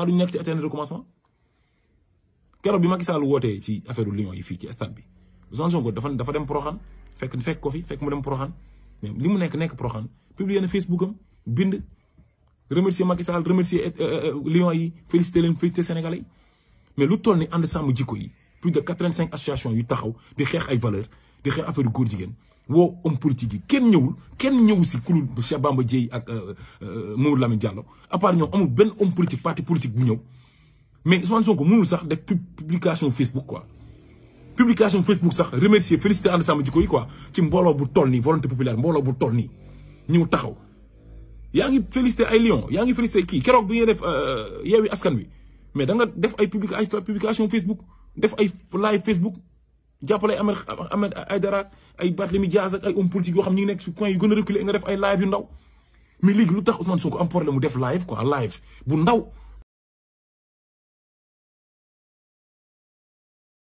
xanaa du ñu nekk ci éternel recommencement keroog bi Macky Sall wootee ci affaire Lions yi fii ci stade bi Ousmane Sonko dafa dafa dem Proxaan fekk fekk ko fi fekk mu dem Proxaan mais li mu nekk nekk Proxaan publier na Facebook am bind remercier Macky Sall remercier euh, euh, euh, Lions yi féliciter leen féliciter Sénégalais yi mais lu toll ni ànd sàmm jikko yi plus de quatre-vingt-cinq associations yu taxaw di xeex ay valeurs di xeex affaire góor jigéen woo homme politique yi kenn ñëwul kenn ñëw si kuréel Cheikh ba Dièye ak euh, euh, Mamadou Lamine Diallo à part ñoom amul benn homme politique parti politique bu ñëw mais Ousmane Sonko mënul sax def publication Facebook quoi. publication Facebook sax remercier féliciter ànd sàmm jikko yi quoi ci mbooloo bu toll nii volonté populaire mbooloo bu toll ni ñëw taxaw yaa ngi féliciter ay Lion yaa ngi féliciter kii keroog bi ñuy def euh, yeewi askan wi mais danga def ay publication Facebook def ay live Facebook. jàppale Ahmed Ahmed Aïdara ay Barthélémy Dias ak ay hommes politiques yoo xam ñu ngi nekk si coin yu gën a reculé nga def ay live yu ndaw mais léegi lu tax Ousmane Sonko am problème mu def live quoi live bu ndaw